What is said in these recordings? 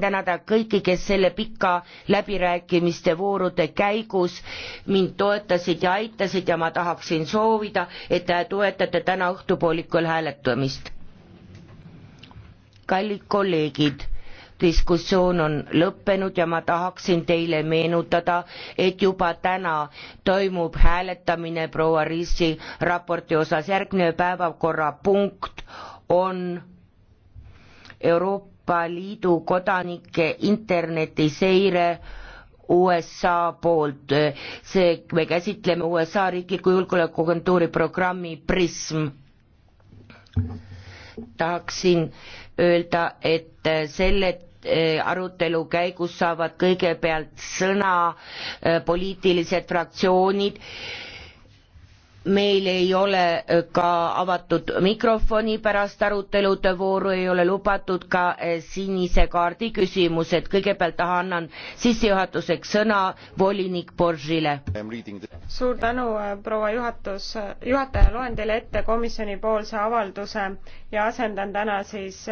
tänada kõiki, kes selle pika läbirääkimiste voorude käigus mind toetasid ja aitasid ja ma tahaksin soovida, et te toetate täna õhtupoolikul hääletamist. kallid kolleegid, diskussioon on lõppenud ja ma tahaksin teile meenutada, et juba täna toimub hääletamine proua Riisi raporti osas, järgmine päevakorrapunkt on Euroopa Euroopa Liidu kodanike internetiseire USA poolt, see, me käsitleme USA riikliku julgeolekuagentuuri programmi PRISM. tahaksin öelda, et selle eh, arutelu käigus saavad kõigepealt sõna eh, poliitilised fraktsioonid meil ei ole äh, ka avatud mikrofoni pärast arutelude vooru, ei ole lubatud ka äh, sinise kaardi küsimused, kõigepealt annan sissejuhatuseks sõna volinik Boržile. suur tänu, äh, proua juhatus, juhataja, loen teile ette komisjonipoolse avalduse ja asendan täna siis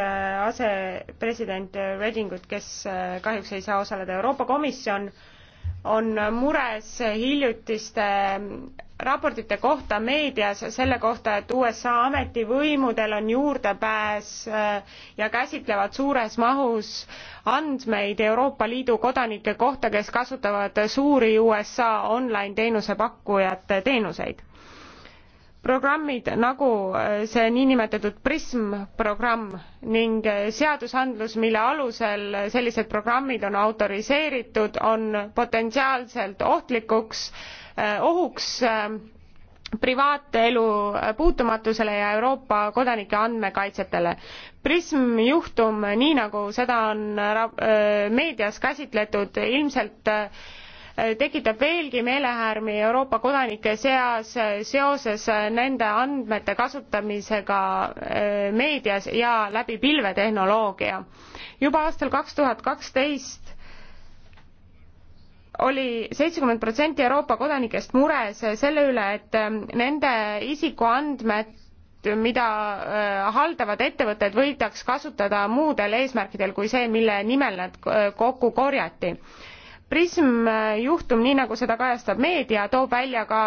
asepresident Redingut, kes kahjuks ei saa osaleda, Euroopa Komisjon on mures hiljutiste raportite kohta meedias selle kohta et usa ametivõimudel on juurdepääs äh, ja käsitlevad suures mahus andmeid euroopa liidu kodanike kohta kes kasutavad suuri usa online teenusepakkujate teenuseid programmid nagu äh, see niinimetatud prism programm ning äh, seadusandlus mille alusel sellised programmid on autoriseeritud on potentsiaalselt ohtlikuks äh, Äh, ohuks äh, privaatelu äh, puutumatusele ja Euroopa kodanike andmekaitsetele. Prism juhtum, nii nagu seda on meedias käsitletud, ilmselt tekitab veelgi meelehärmi Euroopa kodanike seas seoses nende andmete kasutamisega meedias ja läbi pilvetehnoloogia. juba aastal kaks tuhat kaksteist oli seitsekümmend protsenti Euroopa kodanikest mures selle üle, et ähm, nende isikuandmed, mida äh, haldavad ettevõtted, võidaks kasutada muudel eesmärkidel kui see, mille nimel nad äh, kokku korjati prism äh, juhtum nii nagu seda kajastab meedia toob välja ka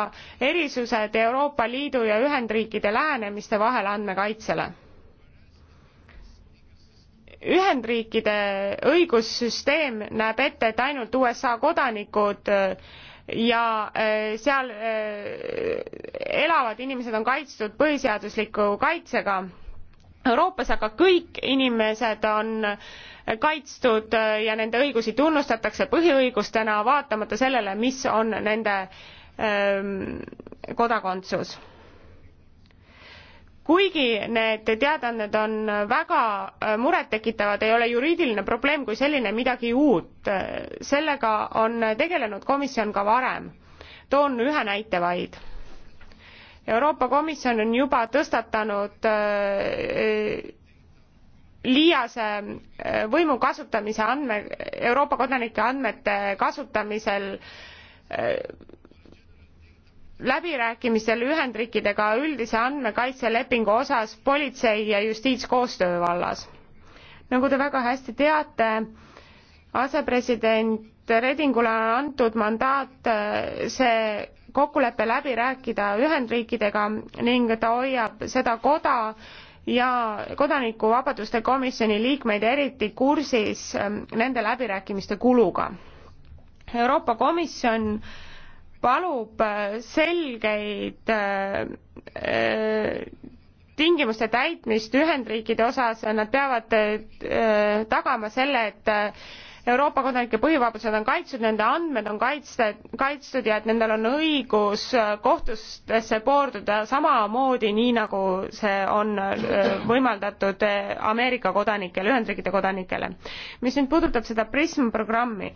erisused euroopa liidu ja ühendriikide lähenemiste vahel andmekaitsele Ühendriikide õigussüsteem näeb ette, et ainult USA kodanikud äh, ja äh, seal äh, elavad inimesed on kaitstud põhiseadusliku kaitsega. Euroopas aga kõik inimesed on kaitstud ja nende õigusi tunnustatakse põhiõigustena, vaatamata sellele, mis on nende ähm, kodakondsus kuigi need teadaanded on väga äh, murettekitavad, ei ole juriidiline probleem kui selline midagi uut. sellega on tegelenud komisjon ka varem. toon ühe näite vaid. Euroopa Komisjon on juba tõstatanud äh, liiase äh, võimu kasutamise andme, Euroopa kodanike andmete kasutamisel läbirääkimistel Ühendriikidega üldise andmekaitselepingu osas politsei ja justiitskoostöö vallas. nagu te väga hästi teate, asepresident Redingule on antud mandaat äh, see kokkulepe läbi rääkida Ühendriikidega ning ta hoiab seda koda ja kodanikuvabaduste komisjoni liikmeid eriti kursis ähm, nende läbirääkimiste kuluga. Euroopa Komisjon äh, palub äh, selgeid äh, äh, tingimuste täitmist Ühendriikide osas, nad peavad tagama selle, et Euroopa kodanike põhivabadused on kaitstud, nende andmed on kaitste, kaitstud ja et nendel on õigus äh, kohtustesse pöörduda samamoodi, nii nagu see on äh, võimaldatud äh, Ameerika kodanikele, Ühendriikide kodanikele. mis nüüd puudutab seda PRISM programmi,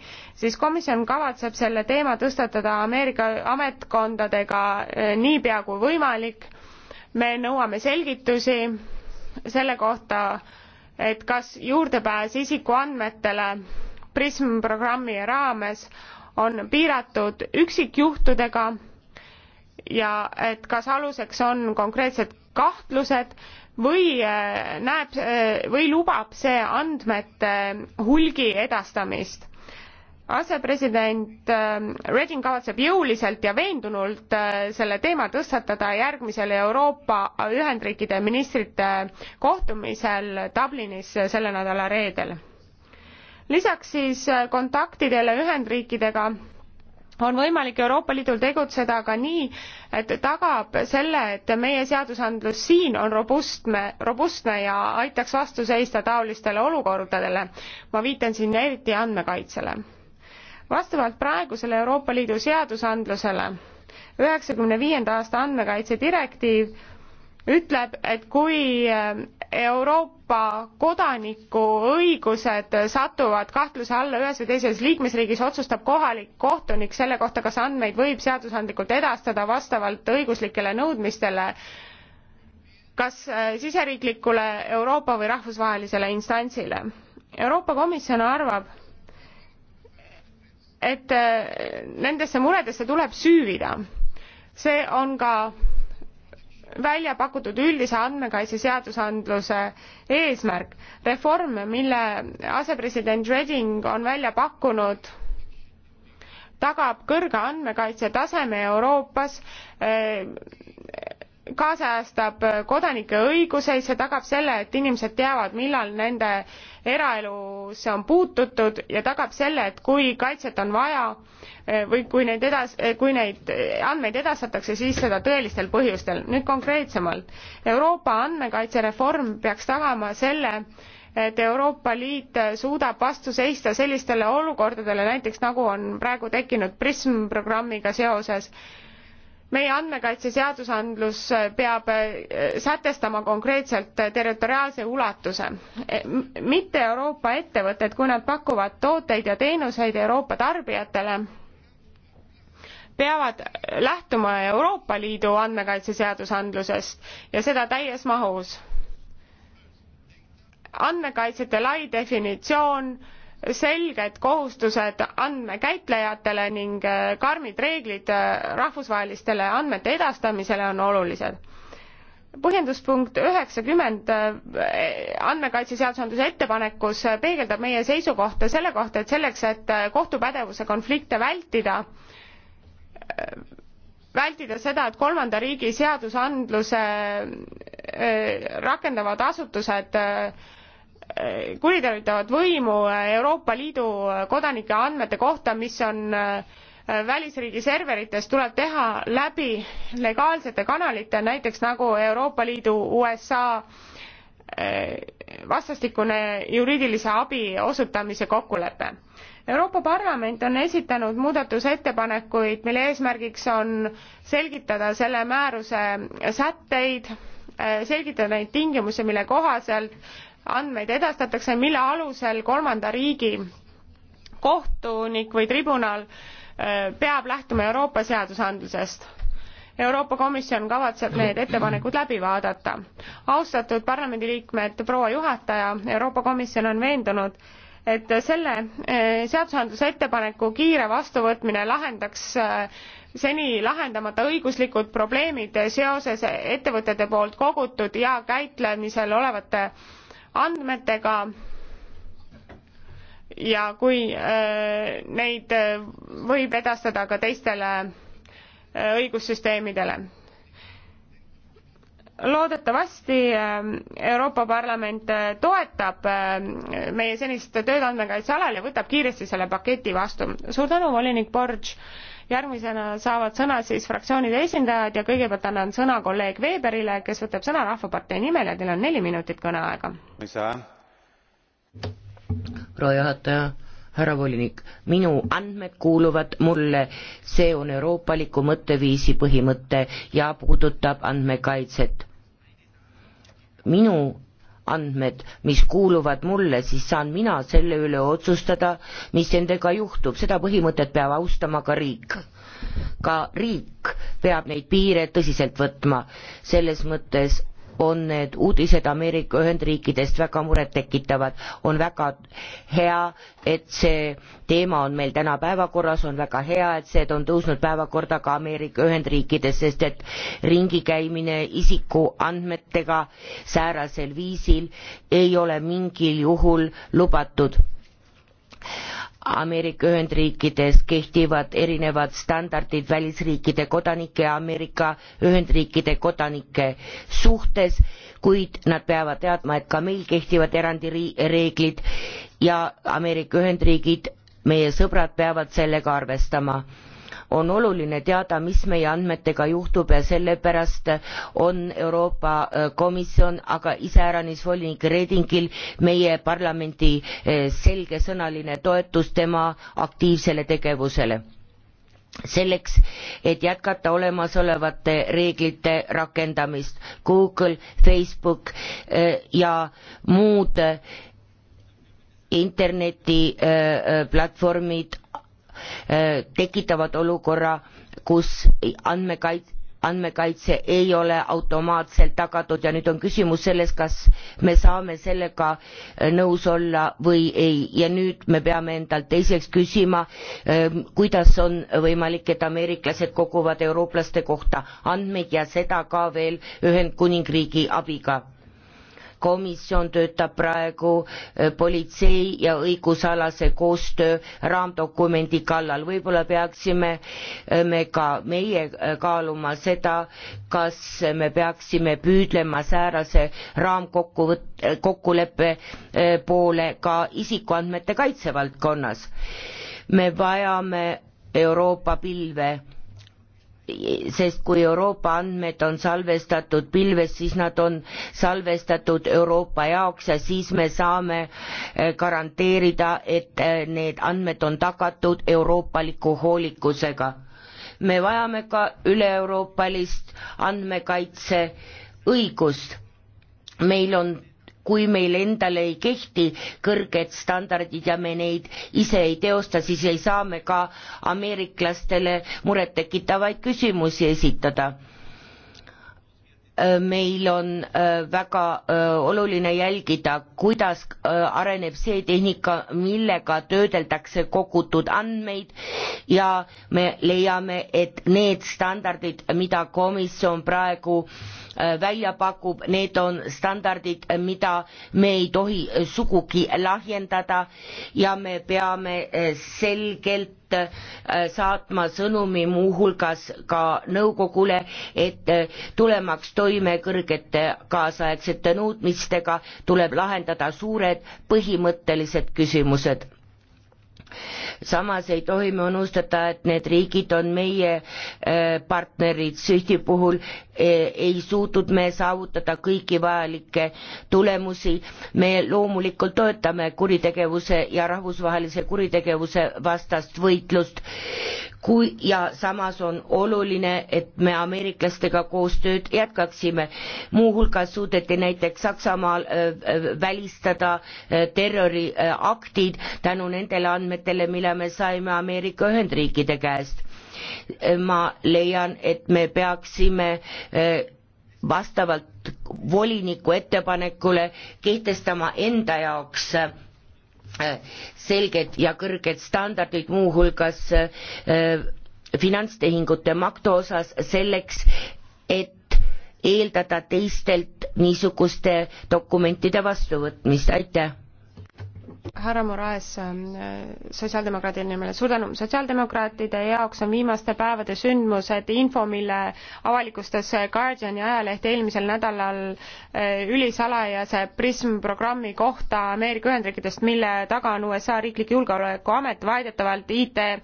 siis komisjon kavatseb selle teema tõstatada Ameerika ametkondadega niipea kui võimalik. me nõuame selgitusi selle kohta, et kas juurdepääs isikuandmetele prism programmi raames on piiratud üksikjuhtudega ja et kas aluseks on konkreetsed kahtlused või äh, näeb äh, või lubab see andmete äh, hulgi edastamist asepresident Reding kavatseb jõuliselt ja veendunult selle teema tõstatada järgmisel Euroopa Ühendriikide ministrite kohtumisel Dublinis selle nädala reedel lisaks siis äh, kontaktidele Ühendriikidega on võimalik Euroopa Liidul tegutseda ka nii, et tagab selle, et meie seadusandlus siin on robustne, robustne ja aitaks vastu seista taolistele olukordadele. ma viitan siin eriti andmekaitsele. vastavalt praegusele Euroopa Liidu seadusandlusele üheksakümne viienda aasta andmekaitse direktiiv ütleb, et kui eh, Euroopa kodaniku õigused satuvad kahtluse alla ühes või teises liikmesriigis, otsustab kohalik kohtunik selle kohta, kas andmeid võib seadusandlikult edastada vastavalt õiguslikele nõudmistele, kas eh, siseriiklikule Euroopa või rahvusvahelisele instantsile. Euroopa Komisjon arvab, et eh, nendesse muredesse tuleb süüvida. see on ka välja pakutud üldise andmekaitse seadusandluse eesmärk. reform, mille asepresident Reding on välja pakkunud, tagab kõrge andmekaitse taseme Euroopas eh, kaasajastab kodanike õiguseid, see tagab selle, et inimesed teavad, millal nende eraelusse on puututud ja tagab selle, et kui kaitset on vaja eh, või kui neid edas-, eh, kui neid andmeid edastatakse, siis seda tõelistel põhjustel. nüüd konkreetsemalt, Euroopa andmekaitsereform peaks tagama selle, et Euroopa Liit suudab vastu seista sellistele olukordadele, näiteks nagu on praegu tekkinud PRISM programmiga seoses, meie andmekaitseseadusandlus peab eh, sätestama konkreetselt territoriaalse ulatuse. E, mitte Euroopa ettevõtted, kui nad pakuvad tooteid ja teenuseid Euroopa tarbijatele, peavad lähtuma Euroopa Liidu andmekaitseseadusandlusest ja seda täies mahus. andmekaitsjate lai definitsioon selged kohustused andmekäitlejatele ning äh, karmid reeglid äh, rahvusvahelistele andmete edastamisele on olulised. põhjenduspunkt üheksakümmend äh, andmekaitseseadusandluse ettepanekus peegeldab meie seisukohta selle kohta, et selleks, et kohtupädevuse konflikte vältida, vältida seda, et kolmanda riigi seadusandluse rakendavad asutused kuritarvitavad võimu Euroopa Liidu kodanike andmete kohta, mis on äh, välisriigi serverites, tuleb teha läbi legaalsete kanalite, näiteks nagu Euroopa Liidu, USA äh, vastastikune juriidilise abi osutamise kokkulepe. Euroopa Parlament on esitanud muudatusettepanekuid, mille eesmärgiks on selgitada selle määruse sätteid, äh, selgitada neid tingimusi, mille kohaselt andmeid edastatakse, mille alusel kolmanda riigi kohtunik või tribunal äh, peab lähtuma Euroopa seadusandlusest. Euroopa Komisjon kavatseb need ettepanekud läbi vaadata. austatud parlamendiliikmed, proua juhataja, Euroopa Komisjon on veendunud, et selle äh, seadusandluse ettepaneku kiire vastuvõtmine lahendaks äh, seni lahendamata õiguslikud probleemid seoses ettevõtete poolt kogutud ja käitlemisel olevate andmetega ja kui äh, neid äh, võib edastada ka teistele äh, õigussüsteemidele. loodetavasti Euroopa Parlament toetab meie senist tööd andmekaitse alal ja võtab kiiresti selle paketi vastu. suur tänu, volinik Borg järgmisena saavad sõna siis fraktsioonide esindajad ja kõigepealt annan sõna kolleeg Weberile, kes võtab sõna Rahvapartei nimel ja teil on neli minutit kõneaega. proua juhataja härra volinik, minu andmed kuuluvad mulle, see on euroopaliku mõtteviisi põhimõte ja puudutab andmekaitset. minu andmed, mis kuuluvad mulle, siis saan mina selle üle otsustada, mis nendega juhtub, seda põhimõtet peab austama ka riik. ka riik peab neid piire tõsiselt võtma, selles mõttes on need uudised Ameerika Ühendriikidest väga murettekitavad. on väga hea, et see teema on meil täna päevakorras, on väga hea, et see on tõusnud päevakorda ka Ameerika Ühendriikides, sest et ringi käimine isikuandmetega säärasel viisil ei ole mingil juhul lubatud Ameerika Ühendriikides kehtivad erinevad standardid välisriikide kodanike ja Ameerika Ühendriikide kodanike suhtes, kuid nad peavad teadma, et ka meil kehtivad erandireeglid ja Ameerika Ühendriigid, meie sõbrad, peavad sellega arvestama on oluline teada, mis meie andmetega juhtub ja sellepärast on Euroopa äh, Komisjon, aga iseäranis volinik Redingil meie parlamendi äh, selgesõnaline toetus tema aktiivsele tegevusele selleks, et jätkata olemasolevate reeglite rakendamist. Google, Facebook äh, ja muud internetiplatvormid Äh, tekitavad olukorra, kus andmekaitse andmekaitse ei ole automaatselt tagatud ja nüüd on küsimus selles kas me saame sellega äh, nõus olla või ei ja nüüd me peame endalt teiseks küsima ähm, kuidas on võimalik et ameeriklased koguvad eurooplaste kohta andmeid ja seda ka veel ühendkuningriigi abiga komisjon töötab praegu äh, politsei ja õigusalase koostöö raamdokumendi kallal. võib-olla peaksime äh, me ka meie äh, kaaluma seda, kas me peaksime püüdlema säärase raamkokkuvõtt-, kokkuleppe poole ka isikuandmete kaitse valdkonnas. me vajame Euroopa pilve sest kui Euroopa andmed on salvestatud pilves, siis nad on salvestatud Euroopa jaoks ja siis me saame eh, garanteerida, et eh, need andmed on tagatud euroopaliku hoolikusega. me vajame ka üle-euroopalist andmekaitseõigust. meil on kui meil endal ei kehti kõrged standardid ja me neid ise ei teosta, siis ei saa me ka ameeriklastele murettekitavaid küsimusi esitada Äh, meil on äh, väga äh, oluline jälgida, kuidas areneb see tehnika, millega töödeldakse kogutud andmeid ja me leiame, et need standardid, mida komisjon praegu välja pakub, need on standardid, mida me ei tohi sugugi lahjendada ja me peame selgelt peate äh, saatma sõnumi muuhulgas ka nõukogule, et äh, tulemaks toime kõrgete kaasaegsete nõudmistega, tuleb lahendada suured põhimõttelised küsimused samas ei tohi me unustada, et need riigid on meie äh, partnerid, SWIFTi puhul äh, ei suutnud me saavutada kõiki vajalikke tulemusi, me loomulikult toetame kuritegevuse ja rahvusvahelise kuritegevuse vastast võitlust kui ja samas on oluline, et me ameeriklastega koostööd jätkaksime. muuhulgas suudeti näiteks Saksamaal äh, äh, välistada äh, terroriaktid tänu nendele andmetele, mille me saime Ameerika Ühendriikide käest. ma leian, et me peaksime vastavalt voliniku ettepanekule kehtestama enda jaoks selged ja kõrged standardid muuhulgas äh, finantstehingute makto osas selleks et eeldada teistelt niisuguste dokumentide vastuvõtmist aitäh härra Moraes ähm, sotsiaaldemokraadide nimel, suur tänu. sotsiaaldemokraatide jaoks on viimaste päevade sündmused info, mille avalikustas Guardiani ajaleht eelmisel nädalal äh, ülisalajase Prism programmi kohta Ameerika Ühendriikidest, mille taga on USA riiklik julgeolekuamet väidetavalt IT äh,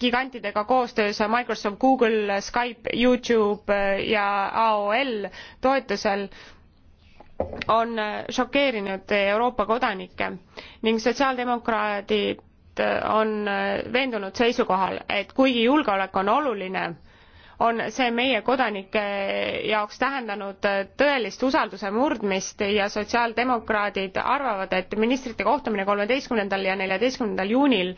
gigantidega koostöös Microsoft, Google, Skype, Youtube äh, ja AOL toetusel on šokeerinud Euroopa kodanikke ning sotsiaaldemokraadid on veendunud seisukohal, et kuigi julgeolek on oluline, on see meie kodanike jaoks tähendanud tõelist usalduse murdmist ja sotsiaaldemokraadid arvavad, et ministrite kohtumine kolmeteistkümnendal ja neljateistkümnendal juunil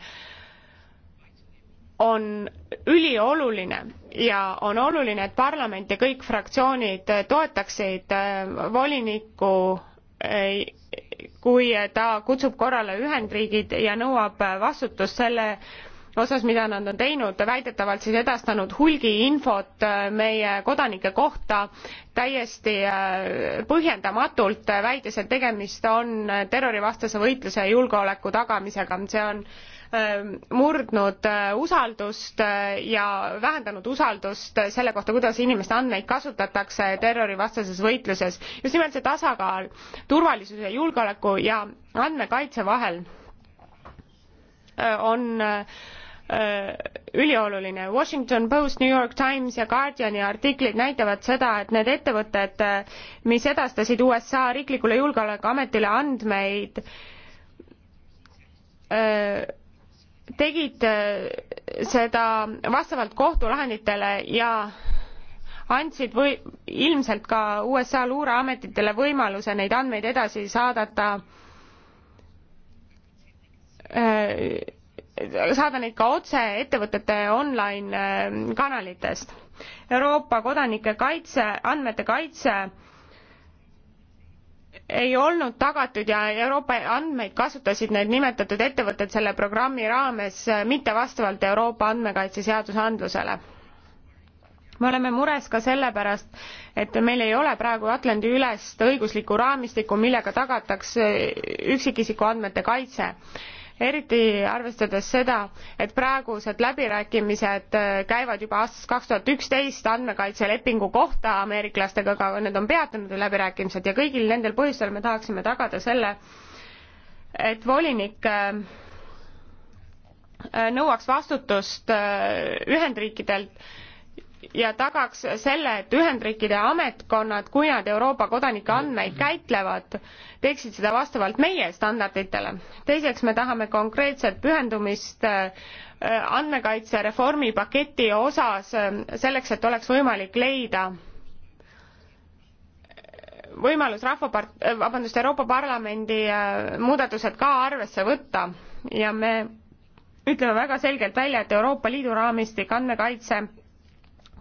on ülioluline ja on oluline, et parlament ja kõik fraktsioonid toetaksid äh, volinikku äh, kui ta kutsub korrale Ühendriigid ja nõuab vastutust selle osas, mida nad on teinud, väidetavalt siis edastanud hulgi infot äh, meie kodanike kohta täiesti põhjendamatult, väites, et tegemist on terrorivastase võitluse ja julgeoleku tagamisega. see on Äh, murdnud äh, usaldust äh, ja vähendanud usaldust selle kohta, kuidas inimeste andmeid kasutatakse terrorivastases võitluses. just nimelt see tasakaal turvalisuse, julgeoleku ja andmekaitse vahel on ülioluline. Washington Post, New York Times ja Guardiani artiklid näitavad seda, et need ettevõtted, mis edastasid USA riiklikule julgeolekuametile andmeid, tegid äh, seda vastavalt kohtulahenditele ja andsid või ilmselt ka USA luureametitele võimaluse neid andmeid edasi saadata äh, saada neid ka otse ettevõtete online äh, kanalitest. Euroopa kodanike kaitse, andmete kaitse ei olnud tagatud ja Euroopa andmeid kasutasid need nimetatud ettevõtted selle programmi raames äh, mitte vastavalt Euroopa andmekaitse seadusandlusele. me oleme mures ka sellepärast, et meil ei ole praegu Atlandi-ülest õiguslikku raamistikku, millega tagatakse äh, üksikisiku andmete kaitse eriti arvestades seda, et praegused läbirääkimised äh, käivad juba aastast kaks tuhat üksteist andmekaitselepingu kohta ameeriklastega, aga need on peatanud läbirääkimised ja kõigil nendel põhjustel me tahaksime tagada selle, et volinik äh, nõuaks vastutust äh, Ühendriikidelt ja tagaks selle, et Ühendriikide ametkonnad, kui nad Euroopa kodanike andmeid käitlevad, teeksid seda vastavalt meie standarditele. teiseks me tahame konkreetset pühendumist äh, andmekaitsereformi paketi osas äh, selleks, et oleks võimalik leida äh, võimalus rahvapart-, vabandust, Euroopa Parlamendi muudatused ka arvesse võtta ja me ütleme väga selgelt välja, et Euroopa Liidu raamistik andmekaitse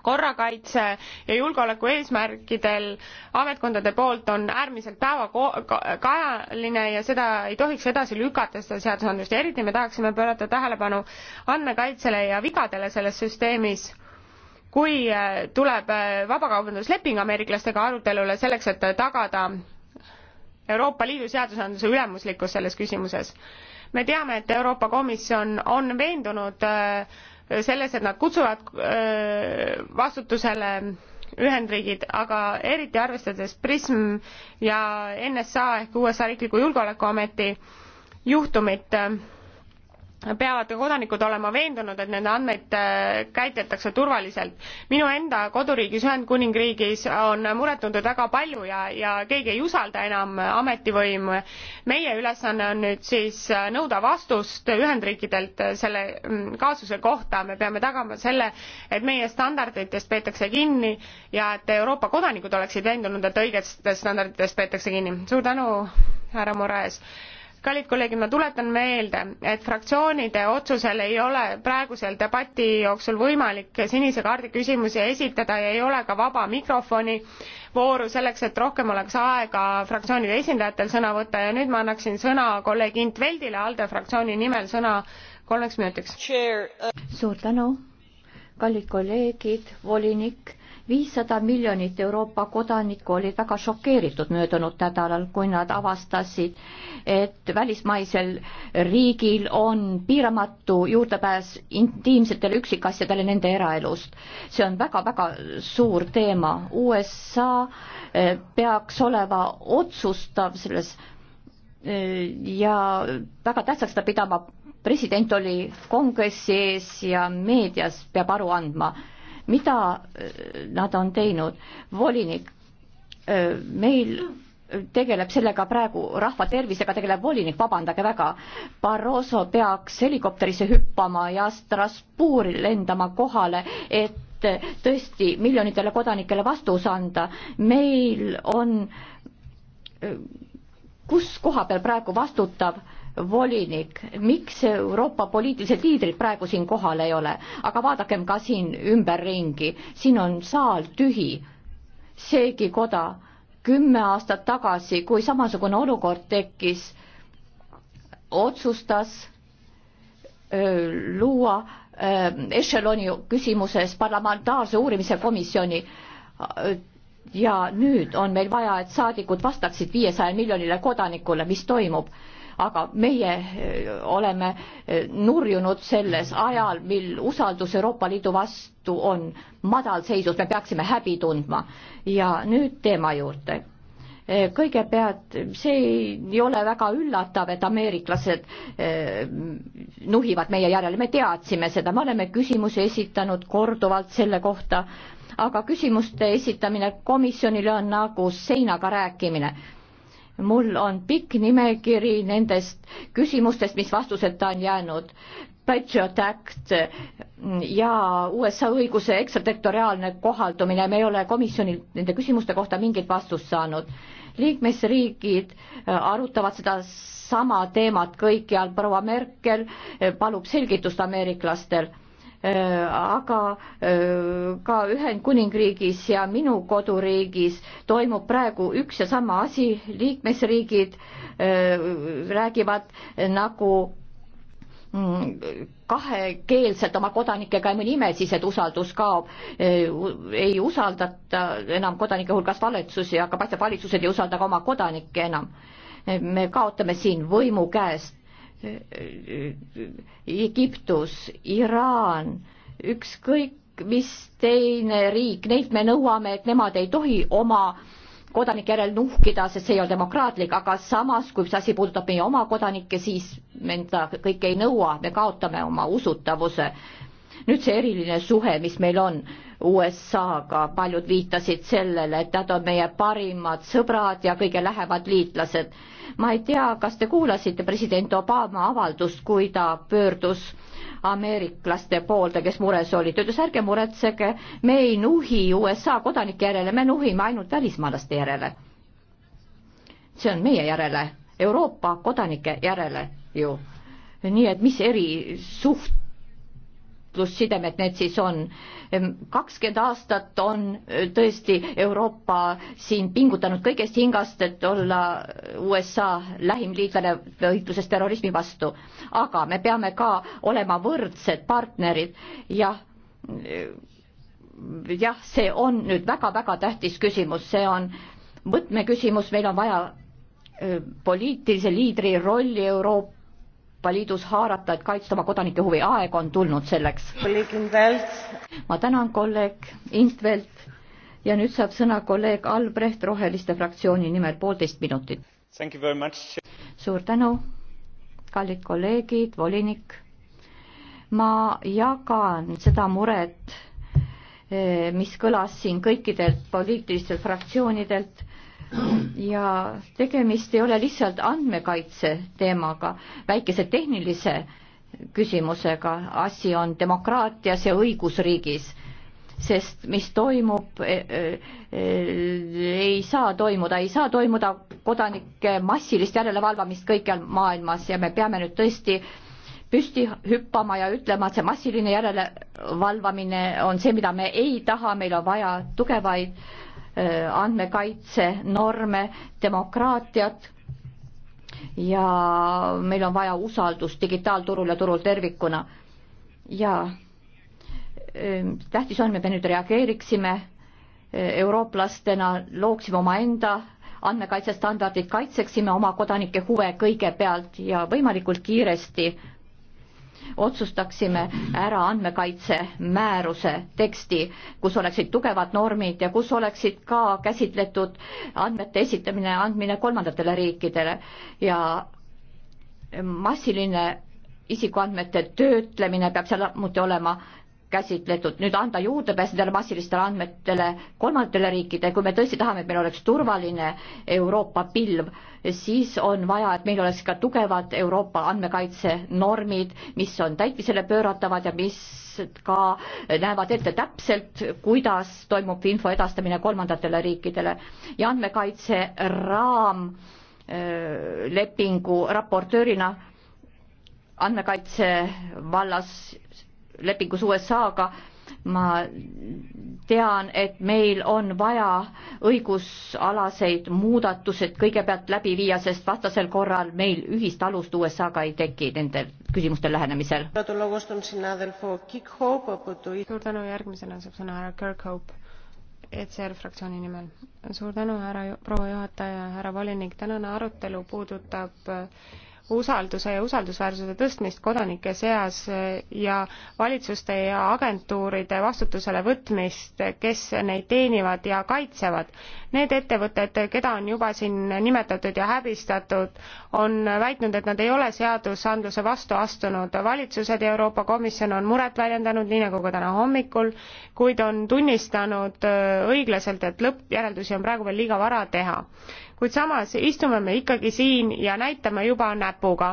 korrakaitse ja julgeoleku eesmärkidel ametkondade poolt on äärmiselt päevakajaline ja seda ei tohiks edasi lükata, seda seadusandlust ja eriti me tahaksime pöörata tähelepanu andmekaitsele ja vigadele selles süsteemis kui äh, tuleb äh, vabakaubandusleping ameeriklastega arutelule selleks, et tagada Euroopa Liidu seadusandluse ülemuslikkus selles küsimuses. me teame, et Euroopa Komisjon on veendunud äh, selles, et nad kutsuvad äh, vastutusele Ühendriigid, aga eriti arvestades PRISM ja NSA ehk USA riikliku julgeolekuameti juhtumit, peavad kodanikud olema veendunud, et nende andmeid äh, käitletakse turvaliselt. minu enda koduriigis Ühendkuningriigis on muret tundnud väga palju ja, ja keegi ei usalda enam ametivõimu. meie ülesanne on nüüd siis äh, nõuda vastust Ühendriikidelt äh, selle mm, kaasuse kohta, me peame tagama selle, et meie standarditest peetakse kinni ja et Euroopa kodanikud oleksid veendunud, et õigetest standarditest peetakse kinni. suur tänu, härra Moraes kallid kolleegid, ma tuletan meelde, et fraktsioonide otsusel ei ole praegusel debati jooksul võimalik sinise kaardi küsimusi esitada ja ei ole ka vaba mikrofoni vooru selleks, et rohkem oleks aega fraktsioonide esindajatel sõna võtta ja nüüd ma annaksin sõna kolleeg Int Veldile, ALDE fraktsiooni nimel sõna kolmeks minutiks. Uh suur tänu, kallid kolleegid, volinik viissada miljonit Euroopa kodanikku olid väga šokeeritud möödunud nädalal, kui nad avastasid, et välismaisel riigil on piiramatu juurdepääs intiimsetele üksikasjadele nende eraelust. see on väga-väga suur teema. USA eh, peaks olema otsustav selles eh, ja väga tähtsaks seda pidama president oli kongressi ees ja meedias peab aru andma mida äh, nad on teinud. volinik, äh, meil tegeleb sellega praegu, rahva tervisega tegeleb volinik, vabandage väga. Barroso peaks helikopterisse hüppama ja Strasbourgi lendama kohale, et äh, tõesti miljonitele kodanikele vastus anda. meil on, kus koha peal praegu vastutav volinik, miks Euroopa poliitilised liidrid praegu siin kohal ei ole, aga vaadakem ka siin ümberringi, siin on saal tühi, seegi koda kümme aastat tagasi, kui samasugune olukord tekkis, otsustas öö, luua öö, ešeloni küsimuses parlamentaarse uurimise komisjoni öö, ja nüüd on meil vaja, et saadikud vastaksid viiesajal miljonile kodanikule, mis toimub aga meie eh, oleme eh, nurjunud selles ajal, mil usaldus Euroopa Liidu vastu on madalseisus, me peaksime häbi tundma. ja nüüd teema juurde eh, kõigepealt see ei ole väga üllatav, et ameeriklased nuhivad meie järele, me teadsime seda, me oleme küsimusi esitanud korduvalt selle kohta, aga küsimuste esitamine komisjonile on nagu seinaga rääkimine mul on pikk nimekiri nendest küsimustest, mis vastuseta on jäänud. Patriot Act ja USA õiguse ekstraterritoriaalne kohaldumine, me ei ole komisjonilt nende küsimuste kohta mingit vastust saanud. liikmesriigid äh, arutavad seda sama teemat kõikjal, proua Merkel äh, palub selgitust ameeriklastel Äh, aga äh, ka Ühendkuningriigis ja minu koduriigis toimub praegu üks ja sama asi, liikmesriigid äh, räägivad nagu mm, kahekeelselt oma kodanikega ja mõni ime siis, et usaldus kaob. ei usaldata enam kodanike hulgas valitsusi, aga paistab, valitsused ei usalda ka oma kodanikke enam. me kaotame siin võimu käest Egiptus, Iraan, ükskõik mis teine riik, neilt me nõuame, et nemad ei tohi oma kodanike järel nuhkida, sest see ei ole demokraatlik, aga samas, kui see asi puudutab meie oma kodanikke, siis me seda kõike ei nõua, me kaotame oma usutavuse nüüd see eriline suhe, mis meil on USA-ga, paljud viitasid sellele, et nad on meie parimad sõbrad ja kõige lähemad liitlased. ma ei tea, kas te kuulasite president Obama avaldust, kui ta pöördus ameeriklaste poolde, kes mures olid, ütles ärge muretsege, me ei nuhi USA kodanike järele, me nuhime ainult välismaalaste järele. see on meie järele, Euroopa kodanike järele ju. nii et mis erisuht vahetussidemed need siis on. kakskümmend aastat on e, tõesti Euroopa siin pingutanud kõigest hingast, et olla USA lähim liitlane võitluses terrorismi vastu. aga me peame ka olema võrdsed partnerid ja e, jah, see on nüüd väga-väga tähtis küsimus, see on võtmeküsimus, meil on vaja e, poliitilise liidri rolli Euroopa Euroopa Liidus haarata, et kaitsta oma kodanike huvi, aeg on tulnud selleks. ma tänan kolleeg Intvelt ja nüüd saab sõna kolleeg Albrecht Roheliste fraktsiooni nimel poolteist minutit. suur tänu, kallid kolleegid, volinik. ma jagan seda muret, eh, mis kõlas siin kõikidelt poliitilistelt fraktsioonidelt ja tegemist ei ole lihtsalt andmekaitse teemaga, väikese tehnilise küsimusega, asi on demokraatias ja õigusriigis, sest mis toimub, e, e, e, ei saa toimuda, ei saa toimuda kodanike massilist järelevalvamist kõikjal maailmas ja me peame nüüd tõesti püsti hüppama ja ütlema, et see massiline järelevalvamine on see, mida me ei taha, meil on vaja tugevaid Äh, andmekaitsenorme, demokraatiat ja meil on vaja usaldust digitaalturul ja turul tervikuna. ja äh, tähtis on, et me nüüd reageeriksime äh, eurooplastena, looksime omaenda andmekaitsestandardid, kaitseksime oma kodanike huve kõigepealt ja võimalikult kiiresti otsustaksime ära andmekaitsemääruse teksti, kus oleksid tugevad normid ja kus oleksid ka käsitletud andmete esitamine, andmine kolmandatele riikidele ja massiline isikuandmete töötlemine peab samuti olema käsitletud, nüüd anda juurdepääs nendele massilistele andmetele kolmandatele riikidele, kui me tõesti tahame, et meil oleks turvaline Euroopa pilv, siis on vaja, et meil oleks ka tugevad Euroopa andmekaitsenormid, mis on täitmisele pööratavad ja mis ka näevad ette täpselt, kuidas toimub info edastamine kolmandatele riikidele ja andmekaitse raamlepingu äh, raportöörina andmekaitse vallas lepingus USA-ga, ma tean, et meil on vaja õigusalaseid muudatused kõigepealt läbi viia, sest vastasel korral meil ühist alust USA-ga ei teki nendel küsimustel lähenemisel. suur tänu, järgmisena saab sõna härra Kirkhope. ECR fraktsiooni nimel. suur tänu, härra proua juhataja, härra volinik, tänane arutelu puudutab äh, usalduse ja usaldusväärsuse tõstmist kodanike seas eh, ja valitsuste ja agentuuride vastutusele võtmist, kes neid teenivad ja kaitsevad. Need ettevõtted, keda on juba siin nimetatud ja häbistatud, on väitnud, et nad ei ole seadusandluse vastu astunud. valitsused ja Euroopa Komisjon on muret väljendanud, nii nagu ka täna hommikul, kuid on tunnistanud eh, õiglaselt, et lõppjäreldusi on praegu veel liiga vara teha kuid samas istume me ikkagi siin ja näitame juba näpuga.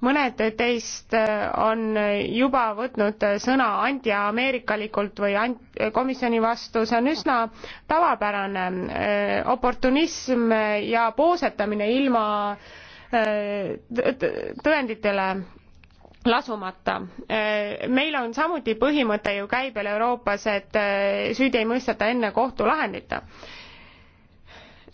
mõned teist äh, on juba võtnud sõna antiameerikalikult või ant-, komisjoni vastu, see on üsna tavapärane äh, oportunism ja poosetamine ilma äh, tõenditele lasumata. meil on samuti põhimõte ju käibel Euroopas, et süüdi ei mõisteta enne kohtulahendita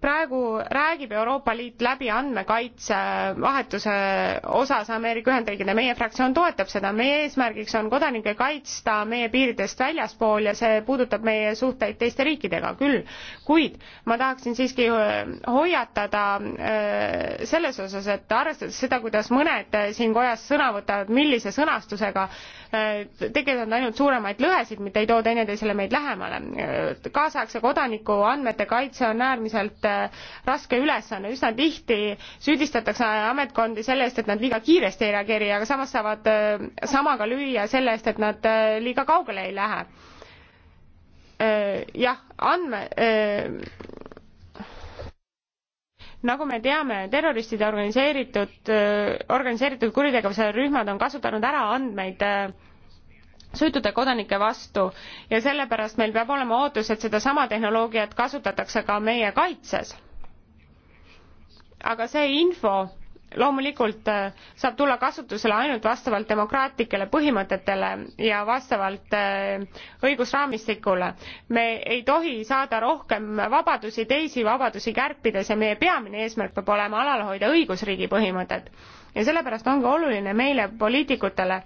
praegu räägib Euroopa Liit läbi andmekaitse vahetuse osas Ameerika Ühendriigid ja meie fraktsioon toetab seda. meie eesmärgiks on kodanikke kaitsta meie piiridest väljaspool ja see puudutab meie suhteid teiste riikidega küll, kuid ma tahaksin siiski äh, hoiatada äh, selles osas, et arvestades seda, kuidas mõned äh, siin kojas sõna võtavad, millise sõnastusega, tegelikult on ainult suuremaid lõhesid, mitte ei too teineteisele meid lähemale. kaasaegse kodaniku andmete kaitse on äärmiselt äh, raske ülesanne, üsna tihti süüdistatakse ametkondi selle eest, et nad liiga kiiresti ei reageeri, aga samas saavad äh, samaga lüüa selle eest, et nad äh, liiga kaugele ei lähe. jah, andme nagu me teame, terroristid ja organiseeritud, organiseeritud kuritegevuse rühmad on kasutanud ära andmeid äh, süütute kodanike vastu ja sellepärast meil peab olema ootus, et sedasama tehnoloogiat kasutatakse ka meie kaitses. aga see info loomulikult äh, saab tulla kasutusele ainult vastavalt demokraatlikele põhimõtetele ja vastavalt äh, õigusraamistikule. me ei tohi saada rohkem vabadusi teisi vabadusi kärpides ja meie peamine eesmärk peab olema alal hoida õigusriigi põhimõtet. ja sellepärast on ka oluline meile, poliitikutele,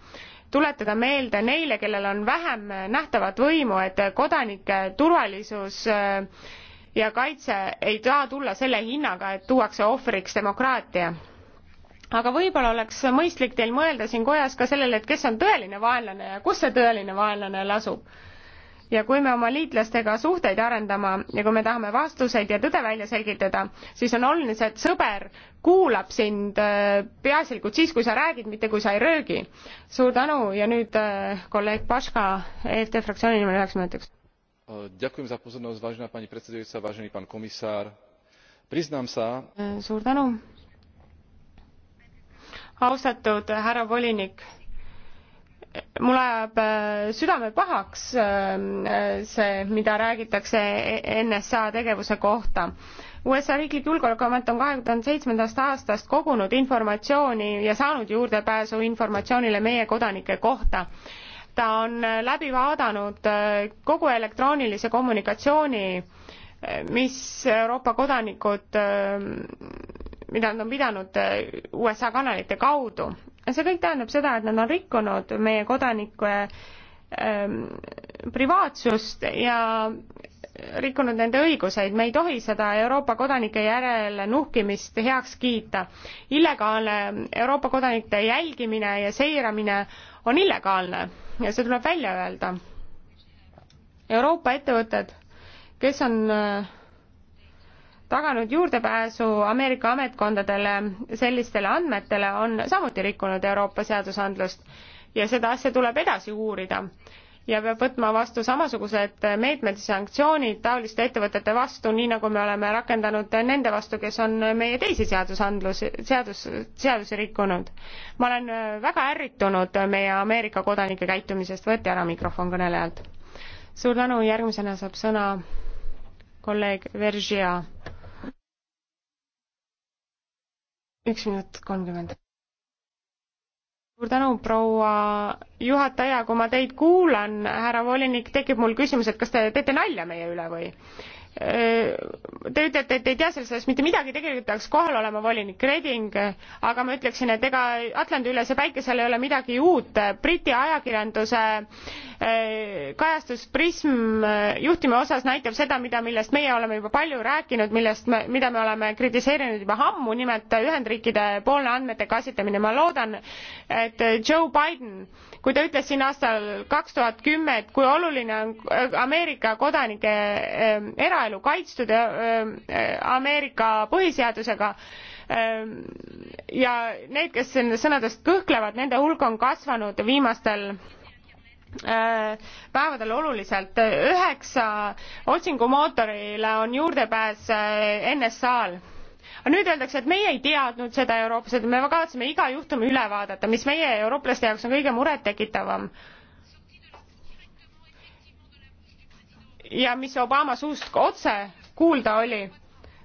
tuletada meelde neile, kellel on vähem nähtavat võimu, et kodanike turvalisus äh, ja kaitse ei saa tulla selle hinnaga, et tuuakse ohvriks demokraatia aga võib-olla oleks mõistlik teil mõelda siin kojas ka sellele, et kes on tõeline vaenlane ja kus see tõeline vaenlane lasub ja kui me oma liitlastega suhteid arendama ja kui me tahame vastuseid ja tõde välja selgitada, siis on oluline see, et sõber kuulab sind äh, peaasjalikult siis, kui sa räägid, mitte kui sa ei röögi. suur tänu ja nüüd äh, kolleeg Paška EFT fraktsiooni nimel üheks minutiks. Äh, ďakujem za pozornosť, vážená pani predsedajúca, vážený pán komisár. Priznám sa... Suur tänu. Austatud härra volinik mul ajab äh, südame pahaks ähm, äh, see, mida räägitakse NSA tegevuse kohta. USA riiklik julgeolekuamet on kahe tuhande seitsmendast aastast kogunud informatsiooni ja saanud juurdepääsu informatsioonile meie kodanike kohta. ta on äh, läbi vaadanud kogu elektroonilise kommunikatsiooni, mis Euroopa kodanikud mida nad on pidanud USA kanalite kaudu see kõik tähendab seda, et nad on rikkunud meie kodanike ähm, privaatsust ja rikkunud nende õiguseid, me ei tohi seda Euroopa kodanike järele nuhkimist heaks kiita. illegaalne Euroopa kodanike jälgimine ja seiramine on illegaalne ja see tuleb välja öelda. Euroopa ettevõtted, kes on äh, taganud juurdepääsu Ameerika ametkondadele sellistele andmetele, on samuti rikkunud Euroopa seadusandlust ja seda asja tuleb edasi uurida ja peab võtma vastu samasugused meetmed ja sanktsioonid taoliste ettevõtete vastu, nii nagu me oleme rakendanud nende vastu, kes on meie teisi seadusandlus, seadus, seadusi rikkunud. ma olen väga ärritunud meie Ameerika kodanike käitumisest, võeti ära mikrofon kõnelejalt. suur tänu, järgmisena saab sõna kolleeg Veržia üks minut kolmkümmend. suur tänu, proua juhataja, kui ma teid kuulan, härra volinik, tekib mul küsimus, et kas te teete nalja meie üle või? Te ütlete, et te ei tea sellest asjast mitte midagi, tegelikult peaks kohal olema volinik Reding, aga ma ütleksin, et ega Atlandi-ülese päikesel ei ole midagi uut. Briti ajakirjanduse eh, kajastus Prism eh, juhtumi osas näitab seda, mida, millest meie oleme juba palju rääkinud, millest me, mida me oleme kritiseerinud juba ammu, nimelt Ühendriikide poolne andmete käsitamine. ma loodan, et Joe Biden kui ta ütles siin aastal kaks tuhat kümme, et kui oluline on äh, Ameerika kodanike ähm, eraelu kaitstud äh, äh, Ameerika põhiseadusega ähm, ja need, kes nendest sõnadest kõhklevad, nende hulk on kasvanud viimastel päevadel oluliselt. üheksa otsingumootorile on juurdepääs NSA-l aga nüüd öeldakse, et meie ei teadnud seda Euroopas, et me kavatseme iga juhtumi üle vaadata, mis meie eurooplaste jaoks on kõige murettekitavam. ja mis Obama suust ka otse kuulda oli,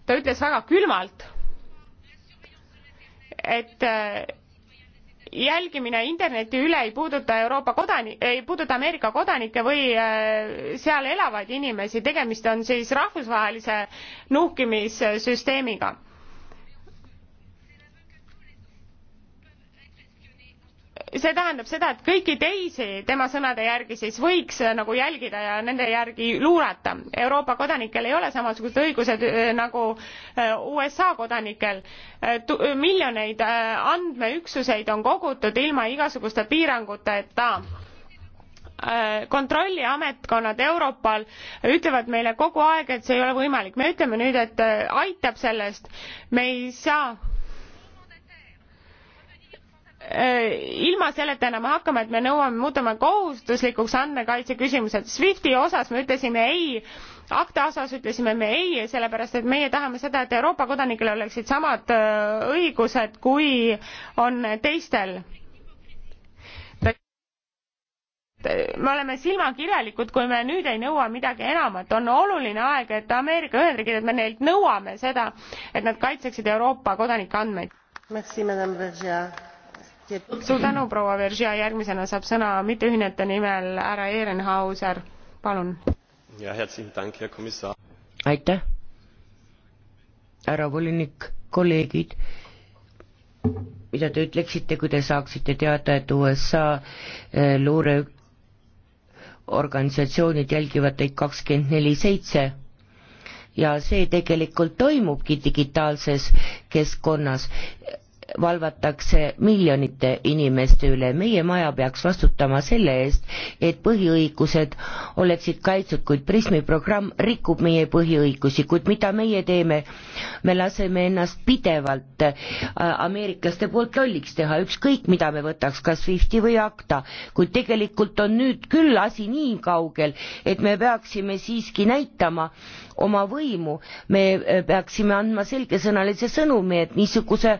ta ütles väga külmalt, et äh, jälgimine interneti üle ei puuduta Euroopa kodani-, ei puuduta Ameerika kodanikke või äh, seal elavaid inimesi, tegemist on siis rahvusvahelise nuhkimissüsteemiga. see tähendab seda, et kõiki teisi tema sõnade järgi siis võiks äh, nagu jälgida ja nende järgi luurata. Euroopa kodanikel ei ole samasugused õigused äh, nagu äh, USA kodanikel. miljoneid andmeüksuseid on kogutud ilma igasuguste piiranguteta kontrolliametkonnad Euroopal ütlevad meile kogu aeg, et see ei ole võimalik. me ütleme nüüd, et aitab sellest, me ei saa Äh, ilma selleta enam hakkama, et me nõuame, muudame kohustuslikuks andmekaitse küsimused. SWIFTi osas me ütlesime ei, akta osas ütlesime me ei, sellepärast et meie tahame seda, et Euroopa kodanikel oleksid samad äh, õigused, kui on teistel me oleme silmakirjalikud, kui me nüüd ei nõua midagi enamat. on oluline aeg, et Ameerika Ühendriigid, et me neilt nõuame seda, et nad kaitseksid Euroopa kodanike andmeid. Merci, madame Berger suur tänu, proua Veržia, järgmisena saab sõna mitteühinete nimel härra Ehrenhauser, palun. aitäh, härra volinik, kolleegid, mida te ütleksite, kui te saaksite teada, et USA eh, luureorganisatsioonid jälgivad teid kakskümmend neli seitse? ja see tegelikult toimubki digitaalses keskkonnas valvatakse miljonite inimeste üle. meie maja peaks vastutama selle eest, et põhiõigused oleksid kaitstud, kuid Prismi programm rikub meie põhiõigusi, kuid mida meie teeme? me laseme ennast pidevalt äh, ameeriklaste poolt lolliks teha, ükskõik mida me võtaks, kas Swifti või ACTA, kuid tegelikult on nüüd küll asi nii kaugel, et me peaksime siiski näitama, oma võimu. me eh, peaksime andma selgesõnalise sõnumi, et niisuguse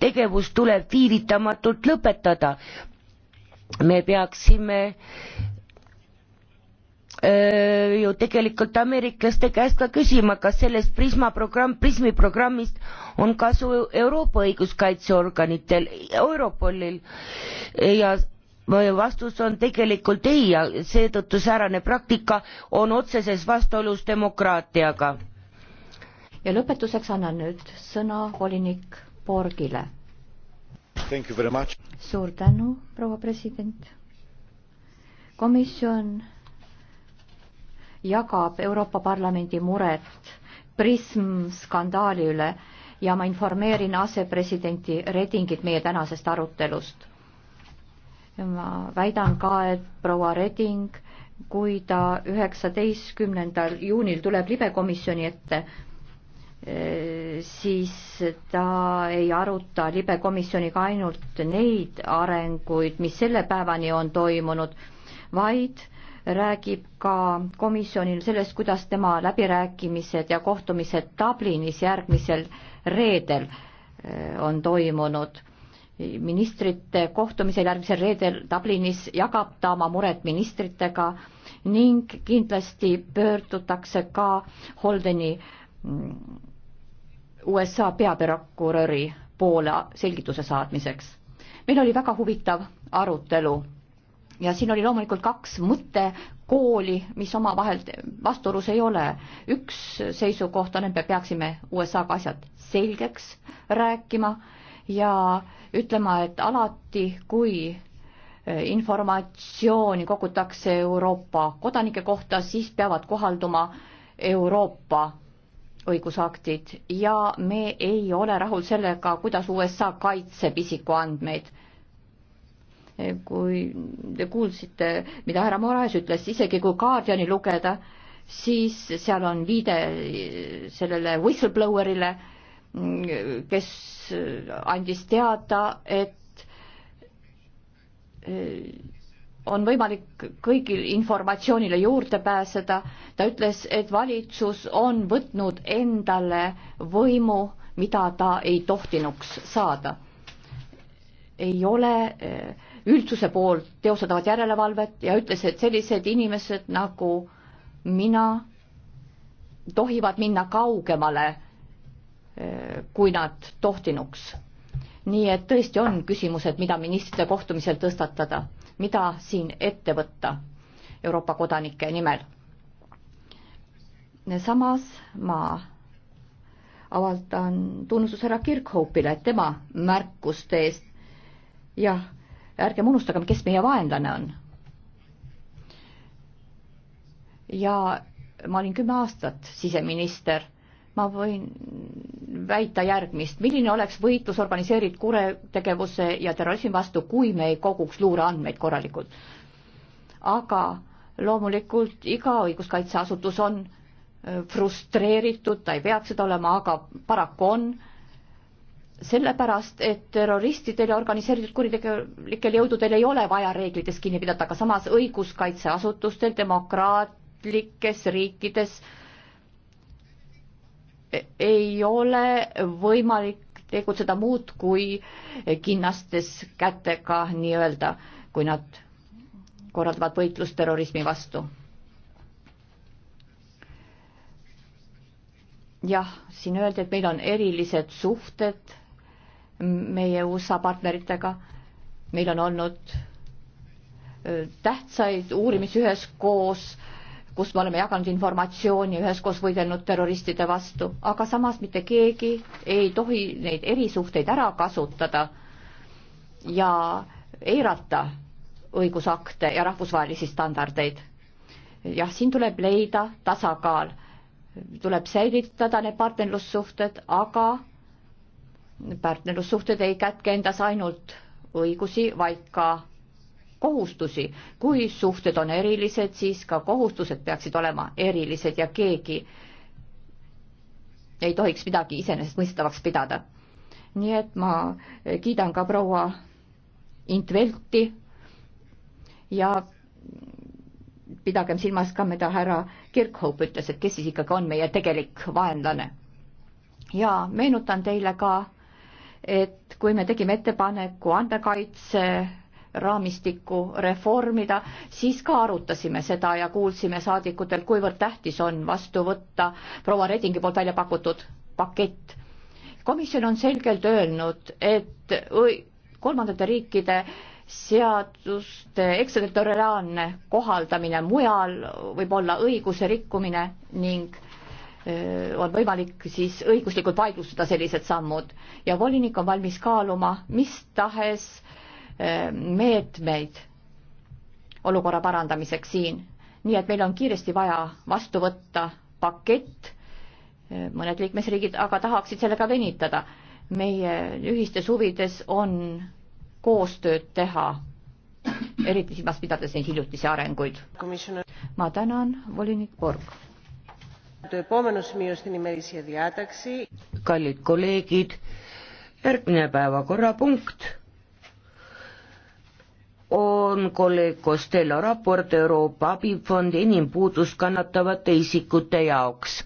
tegevus tuleb viivitamatult lõpetada. me peaksime eh, ju tegelikult ameeriklaste käest ka küsima, kas sellest Prisma programm, Prismi programmist on kasu Euroopa õiguskaitseorganitel, Europolil ja vastus on tegelikult ei ja seetõttu säärane praktika on otseses vastuolus demokraatiaga. ja lõpetuseks annan nüüd sõna volinik Borgile. suur tänu, proua president. komisjon jagab Euroopa Parlamendi muret prism skandaali üle ja ma informeerin asepresidenti Redingit meie tänasest arutelust ma väidan ka, et proua Reding, kui ta üheksateistkümnendal juunil tuleb libekomisjoni ette, eh, siis ta ei aruta libekomisjoniga ainult neid arenguid, mis selle päevani on toimunud, vaid räägib ka komisjonil sellest, kuidas tema läbirääkimised ja kohtumised Dublinis järgmisel reedel eh, on toimunud ministrite kohtumisel järgmisel reedel Dublinis jagab ta oma mured ministritega ning kindlasti pöördutakse ka Holdeni mm, USA peaprokuröri poole selgituse saatmiseks. meil oli väga huvitav arutelu ja siin oli loomulikult kaks mõttekooli, mis omavahel vastuolus ei ole. üks seisukoht on, et me peaksime USA-ga asjad selgeks rääkima ja ütlema, et alati, kui äh, informatsiooni kogutakse Euroopa kodanike kohta, siis peavad kohalduma Euroopa õigusaktid ja me ei ole rahul sellega, kuidas USA kaitseb isikuandmeid. Äh, kui te kuulsite, mida härra Moraes ütles, isegi kui Guardiani lugeda, siis seal on viide äh, sellele whistleblower'ile kes andis teada, et eh, on võimalik kõigil informatsioonile juurde pääseda. ta ütles, et valitsus on võtnud endale võimu, mida ta ei tohtinuks saada. ei ole eh, üldsuse poolt teostatavat järelevalvet ja ütles, et sellised inimesed nagu mina tohivad minna kaugemale kui nad tohtinuks. nii et tõesti on küsimused, mida ministrite kohtumisel tõstatada, mida siin ette võtta Euroopa kodanike nimel. samas ma avaldan tunnustuse härra Kirkhoopile tema märkuste eest. jah, ärgem unustagem, kes meie vaenlane on. ja ma olin kümme aastat siseminister ma võin väita järgmist, milline oleks võitlus organiseeritud kurjategevuse ja terrorismi vastu, kui me ei koguks luureandmeid korralikult. aga loomulikult iga õiguskaitseasutus on äh, frustreeritud, ta ei peaks seda olema, aga paraku on, sellepärast, et terroristidel ja organiseeritud kuritegelikel jõududel ei ole vaja reeglitest kinni pidada, aga samas õiguskaitseasutustel demokraatlikes riikides äh, ei ole võimalik tegutseda muud kui kinnastes kätega nii-öelda, kui nad korraldavad võitlust terrorismi vastu. jah, siin öeldi, et meil on erilised suhted meie USA partneritega, meil on olnud äh, tähtsaid uurimisi üheskoos äh, kus me oleme jaganud informatsiooni, üheskoos võidelnud terroristide vastu, aga samas mitte keegi ei tohi neid erisuhteid ära kasutada ja eirata õigusakte ja rahvusvahelisi standardeid. jah, siin tuleb leida tasakaal, tuleb säilitada need partnerlussuhted, aga partnerlussuhted ei kätke endas ainult õigusi, vaid ka kohustusi. kui suhted on erilised, siis ka kohustused peaksid olema erilised ja keegi ei tohiks midagi iseenesestmõistetavaks pidada. nii et ma kiidan ka proua Intvelti ja pidagem silmas ka, mida härra Kirkhope ütles, et kes siis ikkagi on meie tegelik vaenlane. ja meenutan teile ka, et kui me tegime ettepaneku andmekaitse raamistikku reformida, siis ka arutasime seda ja kuulsime saadikutelt, kuivõrd tähtis on vastu võtta proua Redingi poolt välja pakutud pakett. komisjon on selgelt öelnud, et kolmandate riikide seaduste eksterritoriaalne kohaldamine mujal võib olla õiguse rikkumine ning on võimalik siis õiguslikult vaidlustada sellised sammud ja volinik on valmis kaaluma mis tahes äh, meetmeid olukorra parandamiseks siin. nii et meil on kiiresti vaja vastu võtta pakett, eh, mõned liikmesriigid aga tahaksid sellega venitada. meie ühistes huvides on koostööd teha, eriti silmas pidades neid hiljutisi arenguid. ma tänan, volinik Borg. kallid kolleegid, järgmine päevakorrapunkt on kolleeg Costello raport Euroopa abifondi enim puudust kannatavate isikute jaoks